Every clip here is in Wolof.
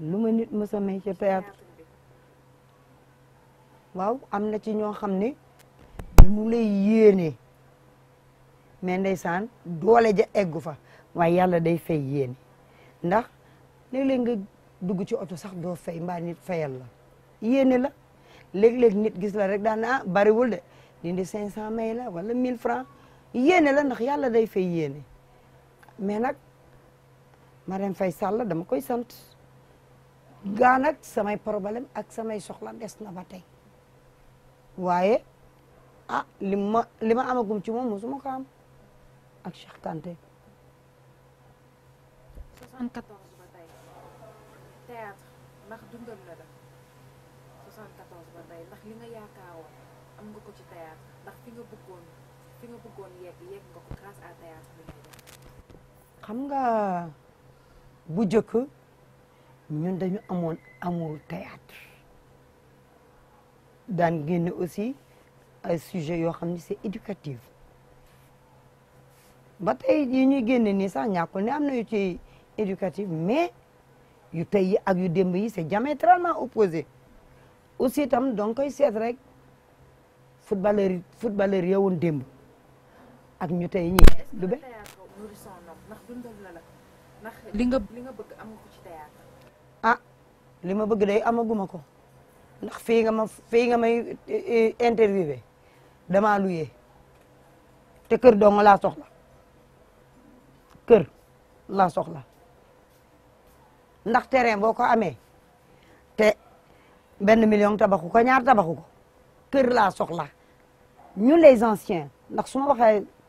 lu ma nit mësa may ci théâtre waaw am na ci ñoo xam ne dañu lay yéene mais ndeysaan doole ja eggu fa waay yàlla day fay yéene ndax léeg-léeg nga dugg ci oto sax doo fay mba nit fayal la yéene la léeg-léeg nit gis la rek daan ah bariwul de dindi cinq cent may la wala mille francs yéene la ndax yàlla day fay yéene mais nag Marème Faye Sall dama koy sant gaa nag samay problème ak samay soxla des na ba tey waaye ah li ma li ma ci moom mosuma ko am ak Cheikh Kanté 74 ba tey théâtre ndax dundal na la ndax li nga yaakaaroon am nga ko ci théâtre ndax fi nga bëggoon xam nga bu jëkk ñun dañu amoon amour théâtre daan génne aussi ay sujet yoo xam ne c'est éducatif ba tey yi ñuy génne nii sax ñàkkul ne am na yu ci éducatif mais yu tey ak yu demb yi c'est diamétralement opposé aussi itam donc koy seet rek footballeur footballeur yowoon démb ak ñu tey ñi lu be li nga bëgg am ko ci théâtre ah li ma bëgg day amaguma ko ndax fii nga ma fi nga may eh, eh, interviewé damaa luyee te kër dong laa soxla kër laa soxla ndax terrain boo ko amee te benn million tabaxu ko ñaar tabaxu ko kër laa soxla ñun les anciens ndax su ma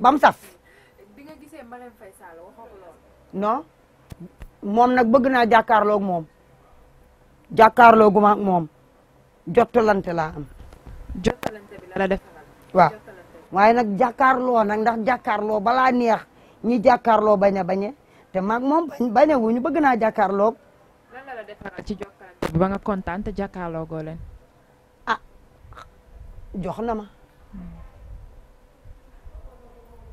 ba mu bi nga gisee Marème Faye Sall waxoo moom nag bëgg naa jàkkaarloog moom jàkkaarloogu ma ak moom jottalante laa am. jottalante bi la def waaw. waaye nag jàkkaarloo nag ndax jàkkaarloo balaa neex ñi jàkkaarloo bañ a bañe te mag moom bañ a wuñu bëgg naa jàkkaarloog. lan ci ba nga kontaan te jàkkaarloo goo leen. Ah, na ma. Hmm.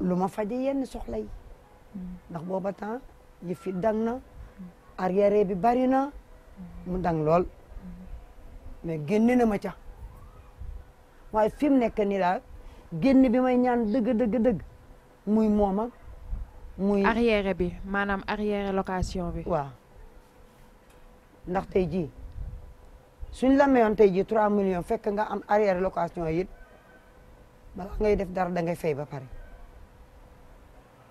luma ma faje yenn soxla yi ndax booba temps yëf yi dang na arrière bi bari na mu dang lol mais génne na ma ca waaye fi mu ni daal génn bi may ñaan dëgg dëgg dëgg muy moom muy arrière bi manam arrière location bi waaw ndax tey jii suñ la mayoon tey jii trois millions fekk nga am arrière location it balaa ngay def dara da ngay fay ba pare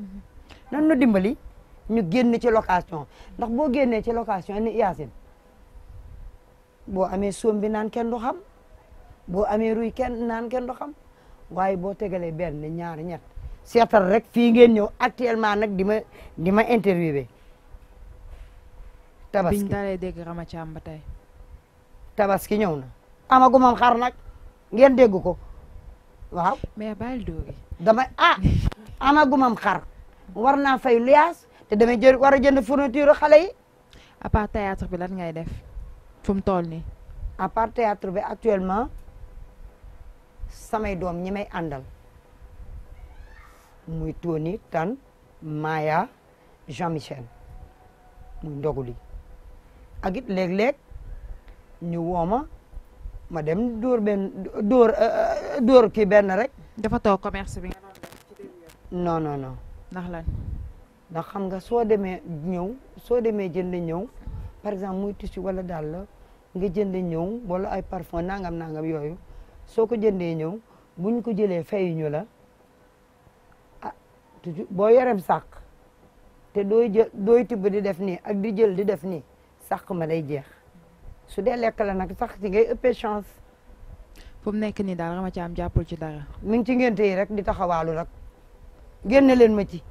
Mm-hmm. nan nu dimbali ñu génn ci location ndax boo génnee ci location ni Yacine boo amee soom bi naan kenn du xam boo amee ruy kenn naan kenn du xam waaye boo tegalee benn ñaari ñett seetal rek fii ngeen ñëw actuellement nag di ma di ma interviewé tabaski biñ dalee dégg Rama Thiam ba tey tabaski ñëw na amagu moom xar nag ngeen dégg ko waaw mais bàyyil dóori dama xar war naa fay luyaas te damay jël war a jënd fourniture xale yi. à part bi lan ngay def fu mu toll nii. à part bi actuellement samay doom ñi may àndal muy Tony Tan Maya Jean Michel muy ndoguli ak it léeg-léeg ñu wooma ma dem dóor benn dóor euh, euh, dóor kii benn rek. dafa toog commerce bi. non non non. ndax lan ndax xam nga soo demee ñëw soo demee jënd ñëw par exemple muy tissu wala daal la nga jënd ñëw wala ay parfum nangam nangam yooyu soo ko jëndee ñëw buñ ko jëlee fayuñu la a ah, boo yorem sàq te dooy jël dooy tibb di def nii ak di jël di def ni sàq ma day jeex su dee lekk la nag sax ci ngay ëppee chance. fu mu nekk nii daal dama ci am jàppul ci dara. mu ngi ci ngénte yi rek di taxawaalu rek. génne leen ma ci